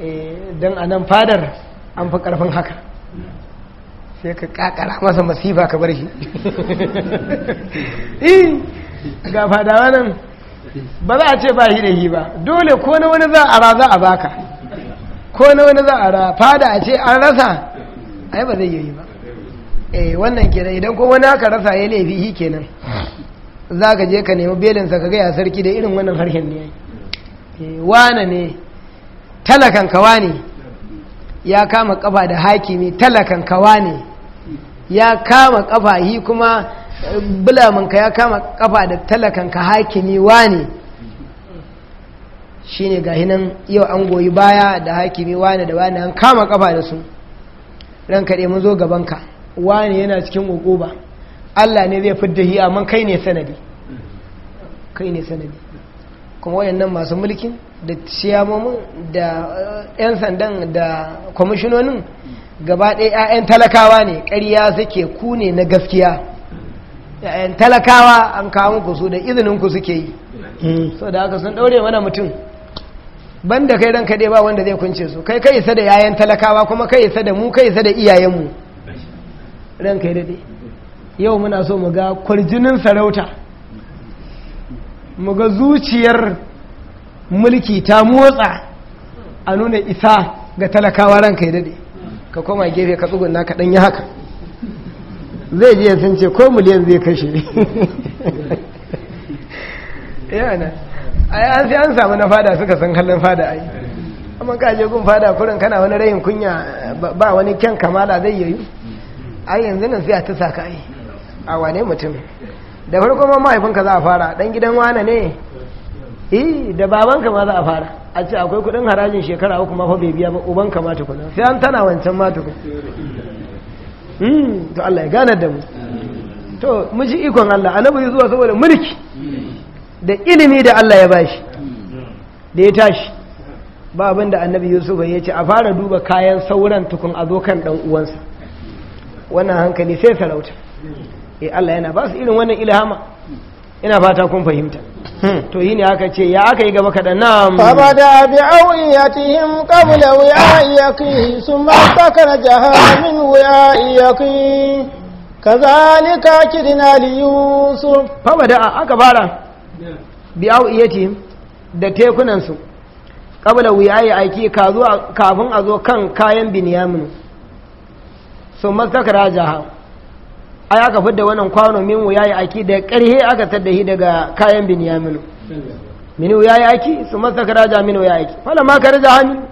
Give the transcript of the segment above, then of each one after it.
Eh, don a nan fadar an fi karfin haka sai ka kakara masa masifa ka bar shi eh, ga fadawa nan ba za a ce ba shi da shi ba dole ko na wani za a ra za a baka ko na wani za a ra fada a ce an rasa ai ba zai yi ba eh wannan kenan idan ko wani aka rasa ya laifi shi kenan za ka je ka nemi belinsa ka gaya sarki da irin wannan harshen ne Eh, wane ne talakan kawa ne ya kama kafa da hakimi talakan kawa ne ya kama kafa yi kuma eh, bulaminka ya kama kafa da talakan ka hakimi wane shi ne gahinan yau an goyi baya da hakimi wane da wane an kama kafa da su ran kaɗe mun zo gabanka wane yana cikin ba allah ne zai fidda hi amma kai ne sanadi kai ne sanadi kuma wayannan masu mulkin da ciyamomin da 'yan eh, sandan da kwamishinonin gaba ɗaya 'ya'yan talakawa ne ƙarya suke ku ne na gaskiya 'ya'yan talakawa an kawo muku su da izininku suke yi hmm. so da haka sun ɗaure mana mutum banda kai ranka dai ba wanda zai kunce su kai kai isa da 'ya'yan talakawa kuma kai isa da mu kai isa da iyayenmu ranka daɗe yau muna so mu ga kwarjinin sarauta Muga zuciyar mulki ta motsa a nuna isa ga talakawa ranka ya dade ka koma gefe ka tsugunna ka danyi haka zai je sun ce ko miliyan zai kashe yana ai an sai an samu na fada suka san kallon fada ai amma ka je gun fada kurin kana wani rayin kunya ba wani kyan kamala zai yayi ai yanzu nan sai a ta saka yi a wane mutum da farko ma mahaifinka za a fara dan gidan wane ne eh da babanka ma za a fara a ce akwai kudin harajin shekara uku ma fa bai biya ba ka ma tukuna sai an tana wancan ma tukuna hmm, to Allah ya gane da mu to mu ji ikon Allah annabi zuwa saboda mulki da ilimi da Allah ya bashi da ya tashi ba abin da annabi yusuf ya ce a fara duba kayan sauran tukun a zo kan dan uwansa wannan hankali sai sarauta e Allah yana ba su irin wannan ilhama ina fata kun fahimta hmm, to yi ne aka ce ya aka yi gaba kaɗan na'am fabada bi awiyatihim qabla wi'ayaki summa sakara jahannamin wi'ayaki kazalika kidna li yusuf da aka fara bi awiyatihim da tekunan su qabla wi'ayaki aiki kafin a zo kan kayan binyamin summa sakara jahannamin ai aka da wannan kwano min ya yi aiki da karhe aka tadda daga kayan binyamin minu ya yi aiki su masa karaja minu ya aiki fala ma karaja hannu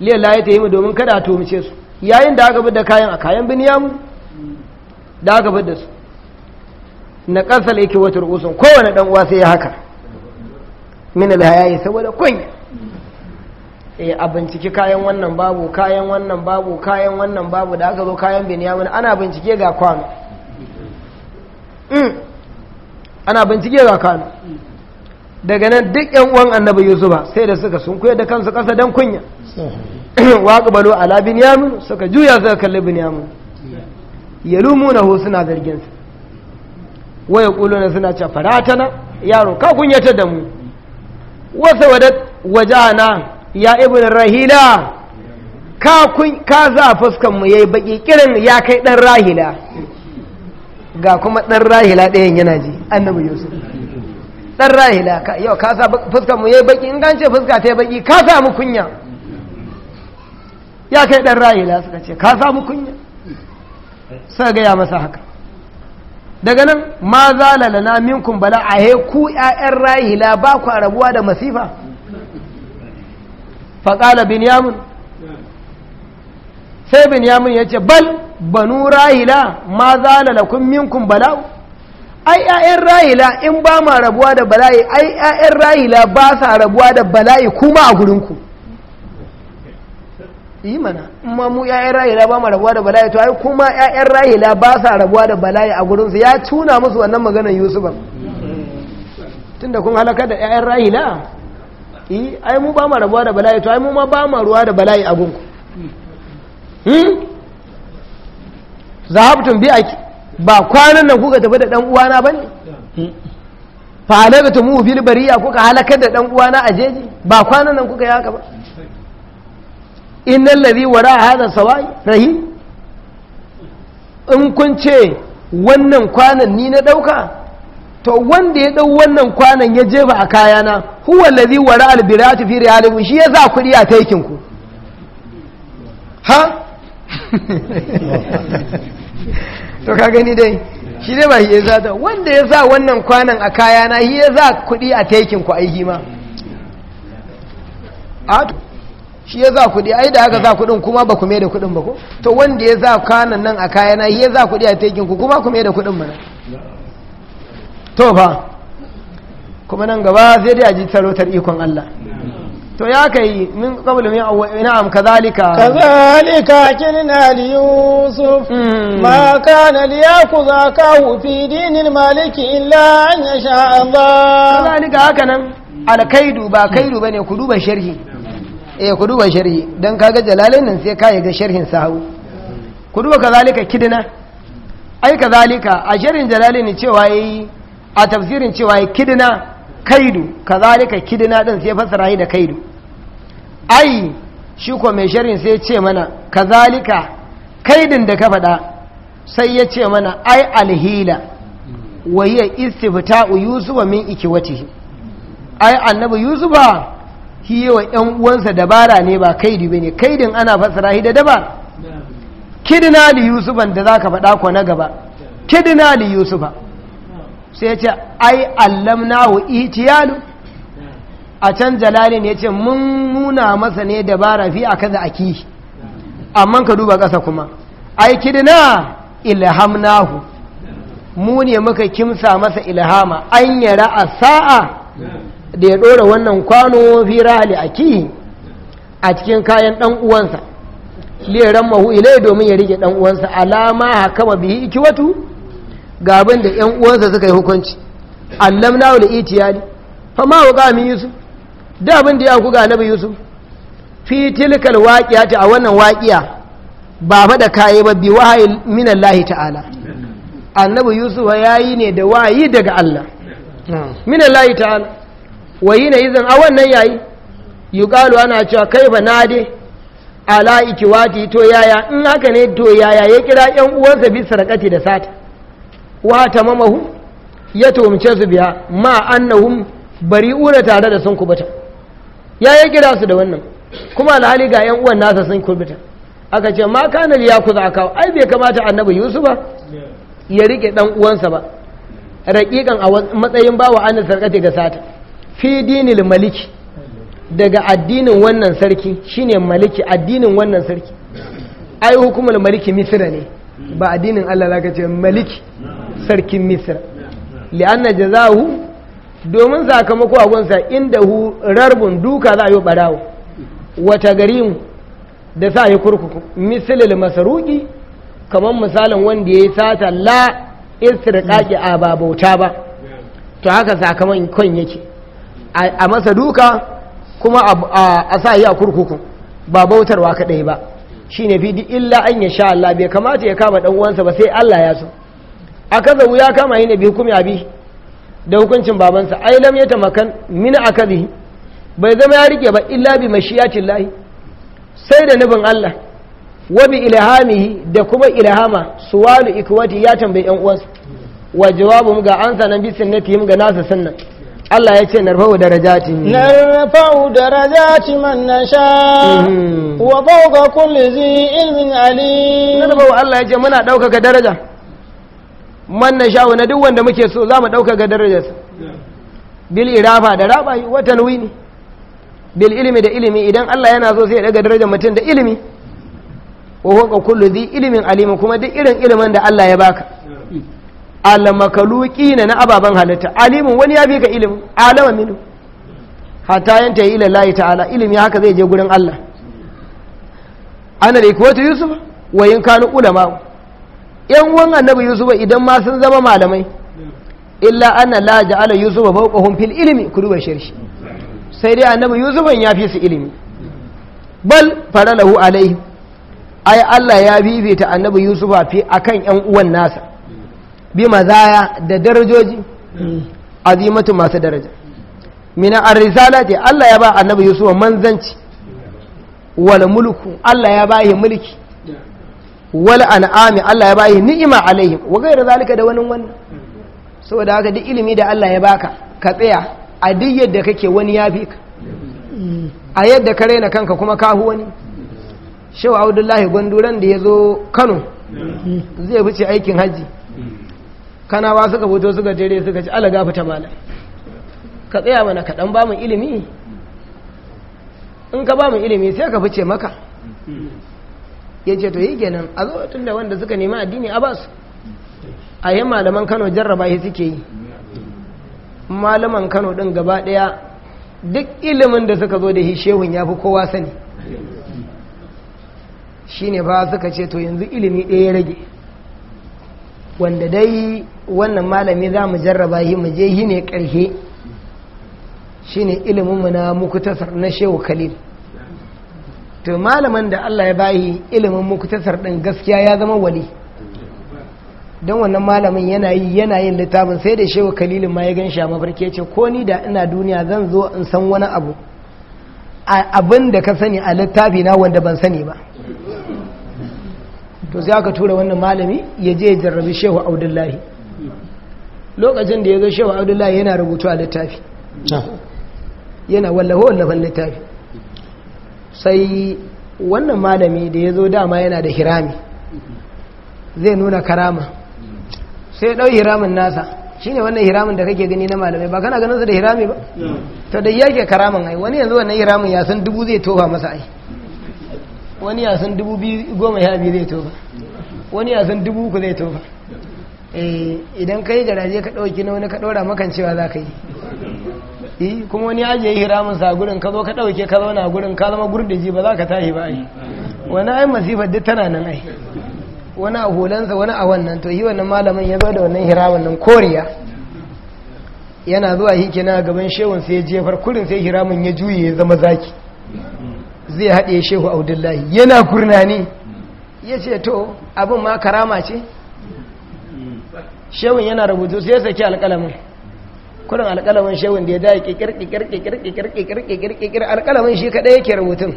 liya laye ta yi mu domin kada a tuhumce su yayin da aka da kayan a kayan mu da aka da su na kasal yake wata rukusun kowane dan uwa sai ya haka min yi saboda kunya Eh, a binciki kayan wannan babu kayan wannan babu kayan wannan babu da aka zo kayan benyamin ana bincike ga kwano mm. ana bincike ga kwano daga nan duk yan uwan annabi yusufa sai da suka sun da kansu kasa dan kunya waqbalu ala binyamin suka juya suka kalli binyamin ho suna zargin sa waya kuluna suna ce faratana yaro ka kunyatar da mu wasa wadat wajana ya ibn rahila ka za fuskan ya yi baƙi kirin ya kai ɗan rahila ga kuma ɗan rahila ɗayan yana ji annabi yusuf ɗan rahila yau ka za fuskan ya yi baƙi in gance fuska ta yi baƙi ka samu kunya ya kai ɗan rahila suka ce ka samu kunya ga ya masa haka daga nan ma zalala na minkum bala a ku ƴaƴan rahila ba ku rabuwa da masifa faƙala binyamin sai binyamin ya ce bal banu rahila ma zala lakum minkum bala'u ai ƴaƴan rahila in ba ma rabuwa da bala'i ai ƴaƴan rahila ba sa rabuwa da bala'i kuma a gurinku yi mana amma mu ƴaƴan rahila ba ma rabuwa da bala'i to ai kuma ƴaƴan rahila ba sa rabuwa da bala'i a gurinsu ya tuna musu wannan maganar yusufan tunda kun halaka da ƴaƴan rahila eh ai mu ba mu rabuwa da bala'i to ai mu ma ba mu ruwa da bala'i a gunku hmm zahabtum bi aki ba kwanan nan kuka tafi da dan uwana bane hmm. fa mu fil bariya kuka halakar da dan uwana a jeji ba kwanan nan kuka yi haka ba innal ladhi wara hada sawai rahi in kun ce wannan kwanan ni na dauka to wanda ya dau wannan kwanan ya jefa a kayana huwa allazi wara albirati fi riyalikum shi ya za kuɗi a taikin ku ha to ka gani dai shi dai ba shi ya za ta wanda ya za wannan kwanan a kayana shi ya za kuɗi a taikin ku aiki ma a shi ya za kuɗi ai da haka za kuɗin kuma ba ku mai da kuɗin ba ko to wanda ya za kwanan nan a kayana shi ya za kuɗi a taikin ku kuma ku mai da kuɗin na? to fa kuma nan gaba zai dai a taro tar ikon Allah to ya kai min qablu min na'am kadhalika kadhalika kinna li yusuf hmm. ma kana li yakuza ka fi dinil maliki illa an yasha Allah kadhalika haka nan alkaidu ba kaidu bane ku duba sharhi eh ku duba sharhi dan kaga jalalain nan sai ka ga sharhin sahu ku duba kadhalika kidna ai kadhalika a sharhin jalalain cewa yayi a tafsirin cewa ya kidina kaidu kazalika kidina din sai fassara shi da kaidu ai shi ko mai sharhin sai ce mana kazalika kaidin da ka faɗa sai ya ce mana ai alhila wa hiya istifta'u yusufa min ikiwatihi ai annabi yusufa shi wa ƴan uwansa dabara ne ba kaidi bane kaidin ana fassara shi da dabar? kidina li yusufan da za ka faɗa ko na gaba kidina li yusufa sai ya ce ai wa itiyalu a can jalalin ya ce mun nuna masa ne dabara fi a kaza aki amma ka duba ƙasa kuma ai kidna ilhamnahu mu ne muka kimsa masa ilhama an yara a sa'a da ya ɗora wannan kwano fi rahali aki a cikin kayan ɗan uwansa liran mahu ilai domin ya rike ɗan uwansa alama hakama bihi ikiwatu gaban da yan uwansa suka yi hukunci na wani itiya ne, fa ma waqa min yusuf da abin da ya ku gane annabi yusuf fi tilkal ta a wannan wakiya ba fa da kaye ba bi wahayi min Allah ta'ala annabi yusuf yi ne da wayi daga Allah min Allah ta'ala wayi ne idan a wannan yayi yuqalu ana cewa kai na nade ala ikiwati to yaya in haka ne to yaya ya kira yan uwansa bi sarakati da sata wa tamamahu ya tuhumce su biya ma annahum bari'una tare da sun kubuta ya yi kira su da wannan kuma alhali ga yan uwan nasa sun kubuta aka ce ma kana ya za kawo ai bai kamata annabi ba ya rike dan uwansa ba raƙiƙan a matsayin bawa an sarkati ga sata fi dinil maliki daga addinin wannan sarki shine maliki addinin wannan sarki ai hukumar maliki misira ne ba addinin Allah zaka ce maliki sarkin misir li'anna jazahu domin sakamako a gunsa inda hu rarbun duka za a yi barawo wata gari da sa yi kurkuku misilil masaruki kamar misalin wanda ya yi sata la kaki a babauta ba to haka sakamakon yake a masa duka kuma a sa yi a kurkuku ba bautarwa kaɗai ba shi ne fi illa an ya sha Allah bai kamata ya kama ɗan uwansa ba sai Allah ya so akazahu ya kama yi ne bi hukumi abi da hukuncin babansa ai lam ya tamakan min akazihi bai zama ya rike ba illa bi mashiyatin lahi sai da nufin Allah wa bi ilhamihi da kuma ilhama suwalu ikwati ya tambayi yan uwansa wa jawabum ga ansa nan bi sunnatihim ga nasa sunnan Allah ya ce narfa'u darajati narfa'u darajati man nasha mhm. wa fawqa kulli zi ilmin alim narfa'u Allah ya ce muna daukaka daraja man na sha'u na duk wanda muke so za mu ɗauka ga darajarsa bil irafa da yi watan ne bil ilimi da ilimi idan Allah yana so sai ya daga darajar mutum da ilimi wa huwa kullu zi ilimin alimi kuma duk irin ilimin da Allah ya baka al na, na ababan halitta alimin wani ya fi ka ilimin alama minu hatta yanta ila Allah ta'ala ilimi haka zai je gurin Allah ana da ikwatu yusuf wa in kanu ulama yan wan annabi yusuf idan ma sun zama malamai illa anna la ja'ala yusuf fawqahum fil ilimi ku duba shirshi sai dai annabi yusuf ya fi su ilimi bal faralahu alaihi ai Allah ya bibita annabi yusuf fi akan yan uwan nasa bi mazaya da darajoji azimatu masu daraja mina ar-risala Allah ya ba annabi yusuf manzanci wal mulku Allah ya ba shi mulki wal an'ami Allah ya bayi ni'ima alaihim wa ghayra zalika da wani wannan saboda haka duk ilimi da Allah ya baka ka tsaya a duk yadda kake wani ya fi ka a yadda ka raina kanka kuma ka hu wani shehu abdullahi gwanduran da ya zo kano zai fice aikin hajji kana ba suka fito suka jere suka ci ala gafi ta malam ka tsaya mana kaɗan ba mu ilimi in ka ba mu ilimi sai ka fice maka ya ce to yi kenan a zo tun da wanda suka nemi addini a basu a yi malaman kano jarraba shi suke yi malaman kano ɗin gaba ɗaya duk ilimin da suka zo da shi shehun ya fi kowa sani shi ne ba suka ce to yanzu ilimi ɗaya ya rage wanda dai wannan malami za mu jarraba shi mu je shi ne ƙarshe shi ne ilimin na mukutasar na shehu khalil to malaman da Allah ya bayi ilimin muktasar ɗin gaskiya ya zama wali don wannan malamin yana yi yana yin littafin sai da shehu kalilin ma ya gan sha mafarki ce ko ni da ina duniya zan zo in san wani abu abin da ka sani a littafi na wanda ban sani ba to sai aka tura wannan malami ya je ya jarrabi shehu audullahi lokacin da ya zo shehu audullahi yana rubutu a littafi yana wallafa wallafan littafi sai wannan malami da ya zo dama yana da hirami zai nuna karama sai ya ɗau hiramin nasa shi ne wannan hiramin da kake gani na malamai ba kana ganinsa da hirami ba ta da yake karamin ai wani yanzu wannan hiramin ya san dubu zai tofa masa ai wani ya san dubu goma ya biyu zai tofa wani ya san dubu uku zai tofa eh, idan ka yi garaje ka ɗauki na wani ka ɗora makan cewa za ka yi E, kuma wani ajiye hiramin sa gurin ka zo ka dauke ka zauna gurin ka zama da ji ba za ka tashi ba ai wani ai masifar duk tana nan ai wani a hulansa wani a wannan to yi wannan malamin ya zo da wannan hiramin nan koriya yana zuwa shi kenan gaban shehun sai ya jefar kurin sai hiramin ya juye ya zama zaki zai haɗe shehu abdullahi yana ne ya ce to abin ma karama ce shehun yana rubutu sai ya saki alƙalamin kurin alƙalamin shehun da ya ke kikir kikir kikir kikir kikir kikir kikir alƙalamin shi kaɗai yake rubutun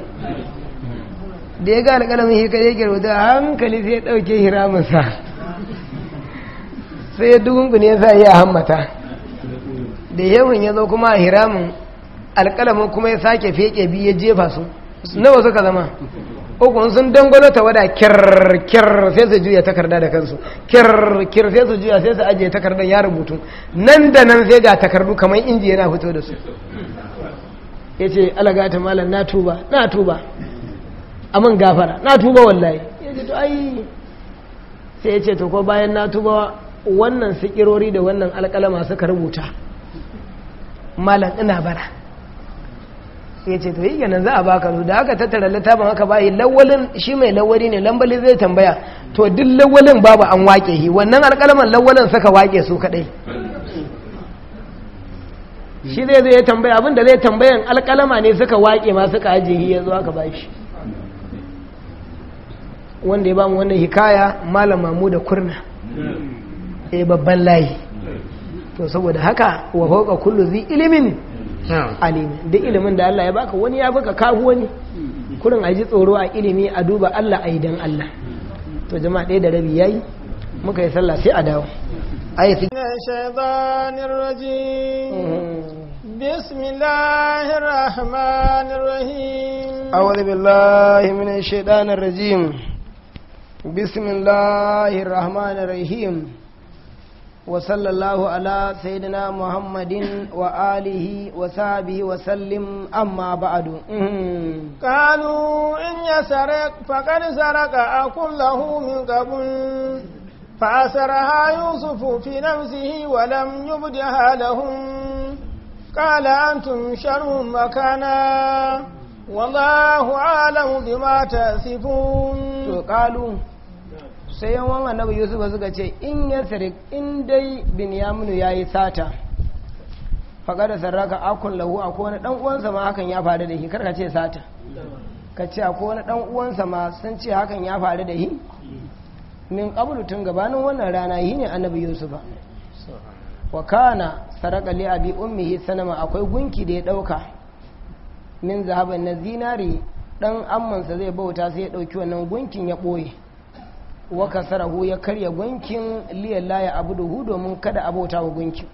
da ya ga alƙalamin shi kaɗai yake rubutun a hankali sai ya ɗauke hiramunsa sai ya dubunkun ya yi a hammata da yawon ya zo kuma a hiramun alƙalamin kuma ya sake feke biyu ya jefa su nawa suka zama uku sun dangwalo ta wada kirkir sai su juya takarda da kansu kirkir sai su juya sai su ajiye takardar ya rubutu nan da nan sai ga takardu kamar inji yana fito da su ya ce alagata malam na tuba na tuba man gafara na tuba wallahi ya ce to ai sai ya ce to ko bayan na tuba wannan sikirori da wannan alkalama suka rubuta malam ina bara ya ce to yi ganin za a baka su da aka tattara littafin aka bayi lawalin shi mai lawali ne lambali zai tambaya to duk lawalin babu an wake shi wannan alƙalaman lawalin saka wake su kaɗai shi zai zai tambaya abinda zai tambayan alƙalama ne suka wake ma suka ajiye ya zo aka shi. wanda ya bamu wannan hikaya malam mamu da kurna yi eh, babban layi to saboda haka wa hauka kullu zai ilimin alimi duk ilimin da Allah ya baka wani ya baka kahu wani kurin aji tsoro a ilimi a duba Allah a idan Allah to jama'a ɗaya da rabi ya yi muka yi sallah sai a dawo ayati بسم الله الرحمن الرحيم أعوذ بالله من الشيطان الرجيم بسم الله الرحمن الرحيم وصلى الله على سيدنا محمد وآله وصحبه وسلم أما بعد قالوا إن يسرق فقد سرق أكل له من قبل فأسرها يوسف في نفسه ولم يبدها لهم قال أنتم شر مكانا والله أعلم بما تصفون قالوا sai yawan annabi yusuf suka ce in ya sarik in dai binyaminu ya yi sata faƙa da sarraka akun lahu a kowane ɗan uwansa ma hakan ya faru da shi karka ce sata ka ce a kowane ɗan uwansa ma sun ce hakan ya faru da shi min ƙabulu tun gabanin wannan rana yi ne annabi yusuf wa kana saraka li abi ummihi sanama akwai gunki da ya ɗauka min zahaban na zinari ɗan ammansa zai bauta sai ya ɗauki wannan gunkin ya ɓoye wa kasarahu ya karya gunkin liyan la ya hu domin kada abota wa gunkin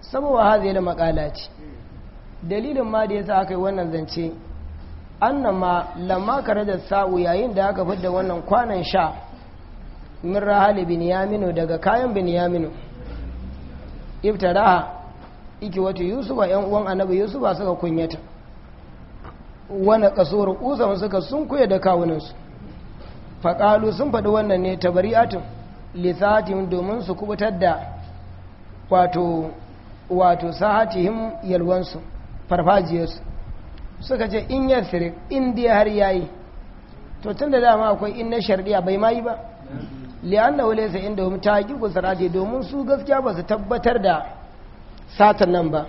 saboda hazi da makala ce dalilin ma da ya sa aka yi wannan zance annama lamma kare da sa'u yayin da aka fidda wannan kwanan sha min rahali binyaminu daga kayan binyaminu iftaraha iki wata yusufa yan uwan annabi yusufa suka kunyata wani kasuwar rukusan suka kuya da kawuninsu faƙalu sun faɗi wannan ne tabari'atun lissatin domin su kubutar da wato wato sahatihim yalwansu farfajiyarsu suka ce in yi sirik in har yayi to tun da dama akwai in na bai ma yi ba liyanna wule sai inda wani ta ƙi sarati domin su gaskiya ba su tabbatar da satan nan ba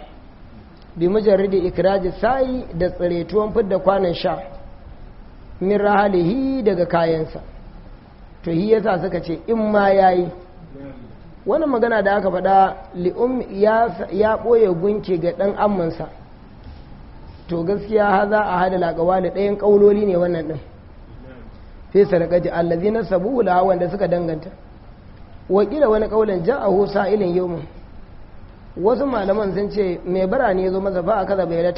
bi mujarridi ikiraji sa'i da tsiretuwan fidda kwanan sha min rahalihi daga kayansa to hi yasa suka ce in ma yayi wannan magana da aka faɗa li'um ya ɓoye gunki ga ɗan ammansa to gaskiya ha za a hada laƙawa da ɗayan kauloli ne wannan ɗin sai sarƙaji allazi na sabu lawan suka danganta wakila wani ƙaulan ja a husa ilin yau wasu malaman sun ce mai bara ne ya zo masa ba a kaza bai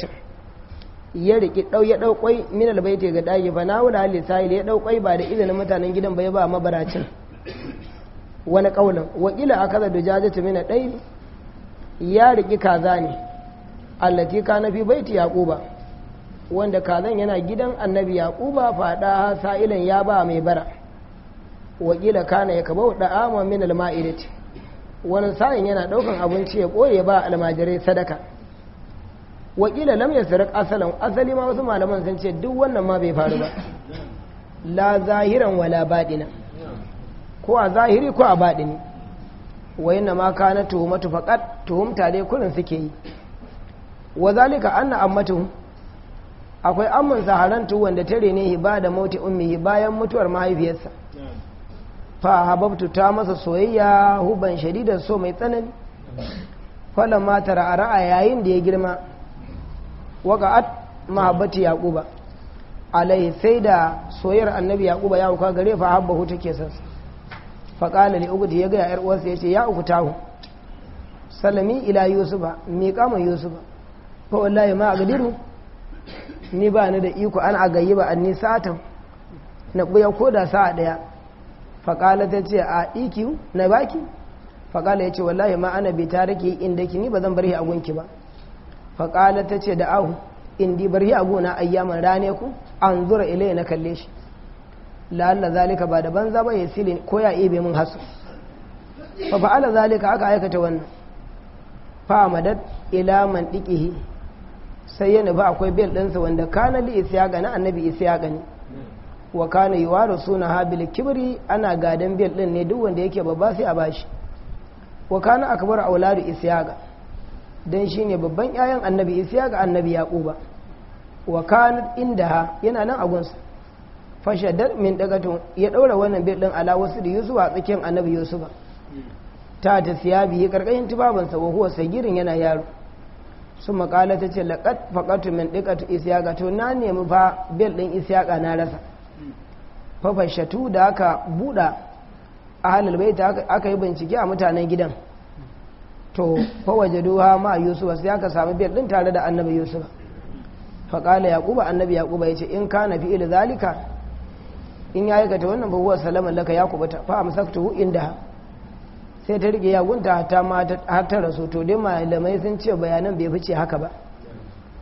ya riki dau ya dau min albayti ga dagi fa na wala hali ya dau ba da izinin mutanen gidan bai ba mabaracin wani kaulin wakila akaza dujajatu min dai ya riki kaza ne allati kana fi baiti yaquba wanda kazan yana gidan annabi yaquba fada sa'ilan ya ba mai bara wakila kana ya kabau da'ama min alma'idati wani sa'in yana ɗaukan abinci ya koye ba almajirai sadaka wakila lam yasraq asalin asali ma wasu malaman sun ce duk wannan ma bai faru ba la zahiran wala badina ko a zahiri ko a badini wa na ma kana tuhumatu faqat tuhumta dai kurin suke yi wazalika zalika anna ammatu akwai amman zaharantu wanda tare ne hiba da mauti ummihi bayan mutuwar mahaifiyarsa fa hababtu ta masa soyayya huban shadidan so mai tsanani falamma tara ra'a yayin da ya girma at mahabbati yaquba alai sai da soyayyar annabi yaquba ya uka gare fa habbahu take san fa qala li ukhti ya ga yar uwarsa yace ya uku tahu salami ila yusufa mi kama yusufa fa wallahi ma agadiru ni ba ni da iko an agayi ba ni satan na buya koda sa'a daya fa qala ta ce a iki na baki fa qala yace wallahi ma ana bi tariki inda ki ni ba zan bar shi a gunki ba faƙala ta ce da ahu indi bari a gona ayyaman rane ku an zura ilai na kalle shi la'alla zalika ba da banza ba ya sile ko ya ibe min hasu fa fa'ala zalika aka aikata wannan fa madad ila man dikihi sai ya nufi akwai bel ɗansa wanda kana li isiyaga na annabi isiyaga ne wa kana yi suna habil kibri ana gadon bel ɗin ne duk wanda yake babba sai a bashi wa kana akbar auladu isiyaga don shi ne babban 'ya'yan annabi isiya ga annabi yaƙuba wa inda ha yana nan a gunsa min tun ya ɗaura wannan birnin ala wasu da yusuf a tsakiyar annabi yusuf ta ta siya biyu karkashin tubabansa wa huwa sagirin yana yaro su makala ta ce laƙat faƙatu min ɗigatu isiyaga to na nemi fa birnin ɗin ya na rasa fafashatu da aka buɗa a halalbaita aka yi bincike a mutanen gidan to fawaje duha ma yusuf sai aka samu biyar din tare da annabi yusuf kana yaquba annabi yaquba yace in kana fi ila zalika in ya aikata wannan babuwa salama laka yaquba ta fa amsaktuhu inda sai ta rige yagunta ta ma har ta rasu to dai malamai sun ce bayanan bai fice haka ba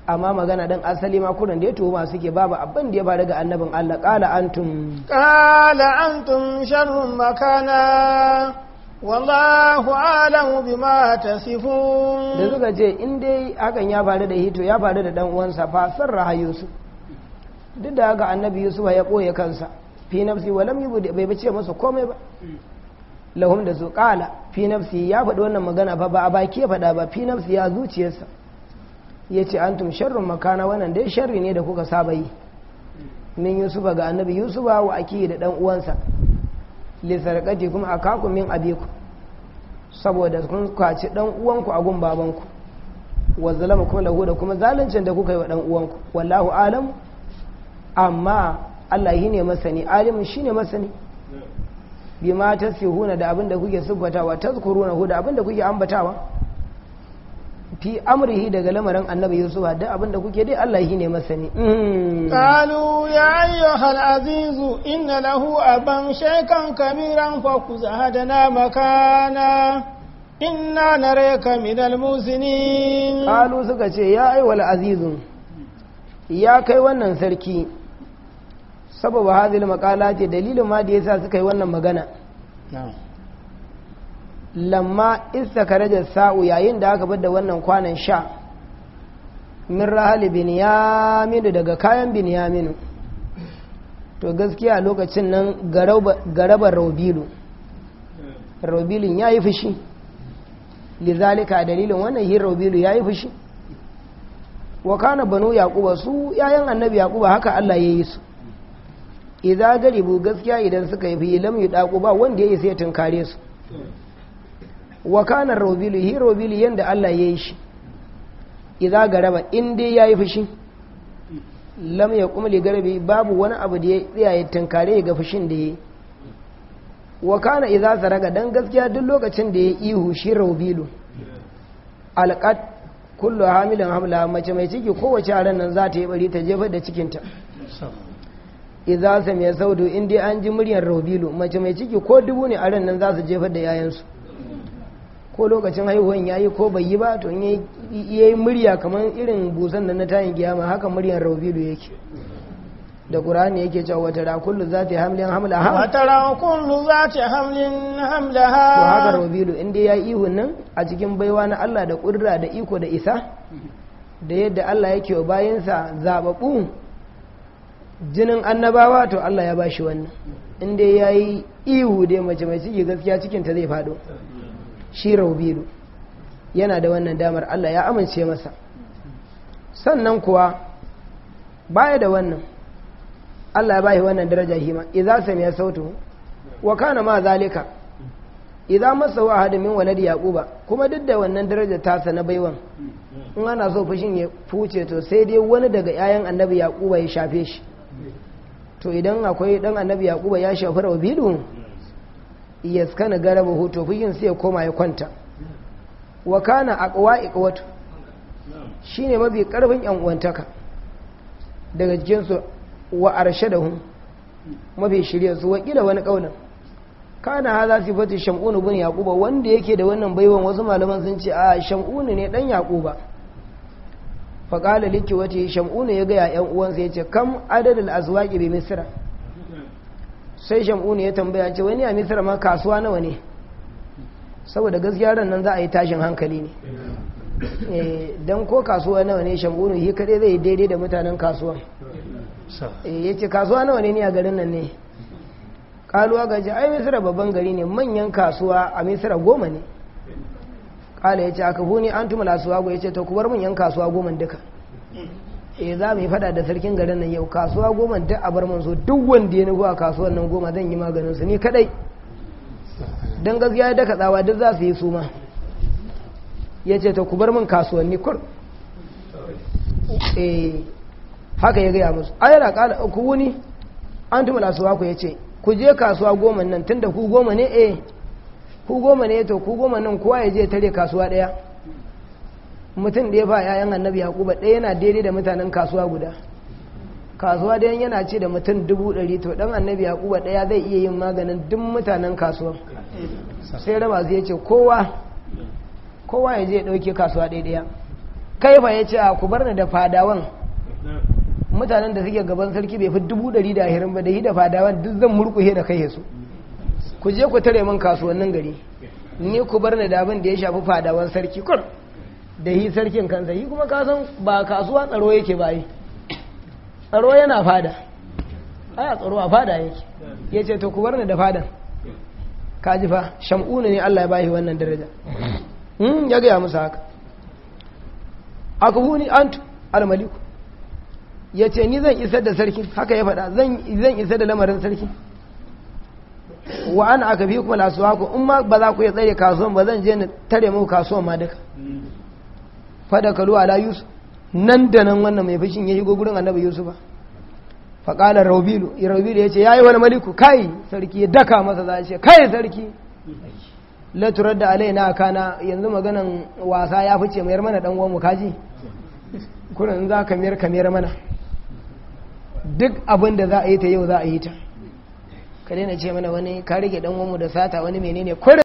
amma magana dan asali ma kuran da ya masu ke babu abin da ya faru ga annabin Allah qala antum qala antum sharrun makana wallahu alamu bima tasifun da suka ce in dai hakan ya faru da hito ya faru da dan uwansa fa sarra yusuf duk da haka annabi yusuf ya koye kansa fi nafsi walam yubdi bai bace masa komai ba lahum da su kala fi nafsi ya faɗi wannan magana fa ba a baki ya faɗa ba fi nafsi ya zuciyarsa ya ce antum sharrun makana wannan dai sharri ne da kuka saba yi min yusufa ga annabi yusufa wa aki da dan uwansa lizarqatikum akakum min abiku saboda kun kwaci dan uwanku a gun babanku wa zalama kuma lahu da kuma zaluncin da kuka yi wa dan uwanku wallahu alam amma Allah shi ne masani alim shine masani bima tasihuna da abinda kuke subbatawa tazkuruna hu da abinda kuke ambatawa fi amrihi daga lamarin annabi yusuf da abin da kuke dai Allah shi ne masani hmm. qalu ya ayyuhal aziz inna lahu aban shaykan kabiran fa kuzahadana makana inna naraka al musinin qalu suka ce ya al aziz ya kai wannan sarki saboda hadhihi maqala ce dalilin ma da yasa suka yi wannan magana lamma istakare da sa'u yayin da aka da wannan kwanan sha min rahali binyaminu daga kayan binyaminu to gaskiya lokacin nan garabar robilu robilun ya yi fushi lizalika dalilin wannan yin robilu ya yi fushi wa kana banu yaquba su yayan annabi yaquba haka Allah ya yi su idan garibu gaskiya idan suka yi fi lam yudaku ba wanda ya yi sai tunkare su wa kana rawdili hi rawdili yanda Allah yi shi idza garaba in dai yayi fushi lam ya li garabi babu wani abu da ya tsaya ya tankare ga fushin da yayi wa kana idza zaraga dan gaskiya duk lokacin da yayi ihu shi robilu alqat kullu hamilan hamla mace mai ciki kowace ran nan za ta yi bari ta jefa da cikinta idza ya saudu in dai an ji muryar rawdilu mace mai ciki ko dubu ne a ran nan za su jefar da yayansu ko lokacin haihuwan ya yi ko bai yi ba to ya yi murya kamar irin busan da na tayin giyama haka muryar raubilu yake da ƙura'ani yake cewa wata rakullu za ta hamlin hamla ha wata rakullu za ta hamlin hamla ha to haka raubilu inda ya yi ihun nan a cikin baiwa na Allah da ƙudura da iko da isa da yadda Allah yake wa bayansa zababu jinin annabawa to Allah ya ba shi wannan inda ya yi ihu dai mace mai ciki gaskiya cikinta zai faɗo shi raubiru yana da wannan damar Allah ya amince masa sannan kuwa baya da wannan Allah ya bayi wannan daraja hima idza sami'a sautu wa kana ma zalika idza masa wa ahadin min waladi yaquba kuma duk da wannan daraja tasa na baiwan in ana so fushin ya fuce to sai dai wani daga yayan annabi yaquba ya shafe shi to idan akwai dan annabi yaquba ya shafi rabilu ya skana garaba hoto fugin sai ya koma ya kwanta wa kana aqwa iqwatu shine mafi karfin yan uwantaka daga cikin su wa arshadahum mafi shirya su wakila wani kaunin kana haza sifatu shamun ibn yaquba wanda yake da wannan baiwan wasu malaman sun ce a shamun ne dan yaquba fa qala liki wati shamun ya ga yan uwansa ce kam adadul azwaqi bi misra sai shamu ne ya tambaya ce wani a misir ma kasuwa nawa ne saboda gaskiya ran nan za a yi tashin hankali ne eh, don ko kasuwa nawa ne shamu ne yi kaɗai zai daidai da mutanen kasuwan eh, ya ce kasuwa nawa ne ne a garin nan ne kaluwa gaji ai misira babban gari ne manyan kasuwa a misira goma ne kala ya ce aka huni an tumula suwa ya ce ta kubar manyan kasuwa goma duka E za mu yi fada da sarkin garin nan yau kasuwa goma duk a bar manzo duk wanda ya nugu a kasuwar nan goma zan yi maganin su ni kadai dan gaskiya ya daka tsawa duk za su yi suma ya ce ta ku bar kasuwan ni kur eh haka ya gaya musu yana kala ku wuni an tumula lasuwa ku ya ce ku je kasuwa goma nan tunda ku goma ne eh ku goma ne to ku goma nan kowa ya je tare kasuwa daya mutum da ya ba yayan annabi yaquba ɗaya yana daidai da mutanen kasuwa guda kasuwa da yana ce da mutum dubu ɗari to ɗan annabi yaquba ɗaya zai iya yin maganin duk mutanen kasuwa sai raba zai ce kowa kowa ya je ɗauke kasuwa ɗaya kai fa ya ce a ku bar ni da fadawan mutanen da suke gaban sarki bai fi dubu ɗari da ahirin ba da yi da fadawan duk zan murkushe da kai su ku je ku tare min kasuwannin gari ni ku bar ni da abin da ya shafi fadawan sarki kur da yi sarkin kansa yi kuma kasan ba kasuwa tsaro yake ba tsaro yana fada a tsaro a fada yake ya ce to ku bar ni da fadan kaji fa sham'una ne Allah ya bayi wannan daraja hmm, ya gaya musu haka akubuni antu almaliku ya ce ni zan isar da sarkin haka ya faɗa zan isar da lamarin sarkin wa aka fi kuma lasuwa ku in ma ba za ku ya tsare kasuwan ba zan je na tare muku kasuwan ma duka fada kalu ala yusuf nan da nan wannan mai fashin ya shigo gurin annabi yusuf ba faƙalar raubilu raubilu ya ce ya yi wani maliku kai sarki ya daka masa za a ce kai sarki laturar da alai na kana yanzu maganan wasa ya fice mayar mana dan mu kaji kuran za ka mayar ka mayar mana duk abin da za a yi ta yau za a yi ta ka daina ce mana wani ka rike dan mu da sata wani menene kurin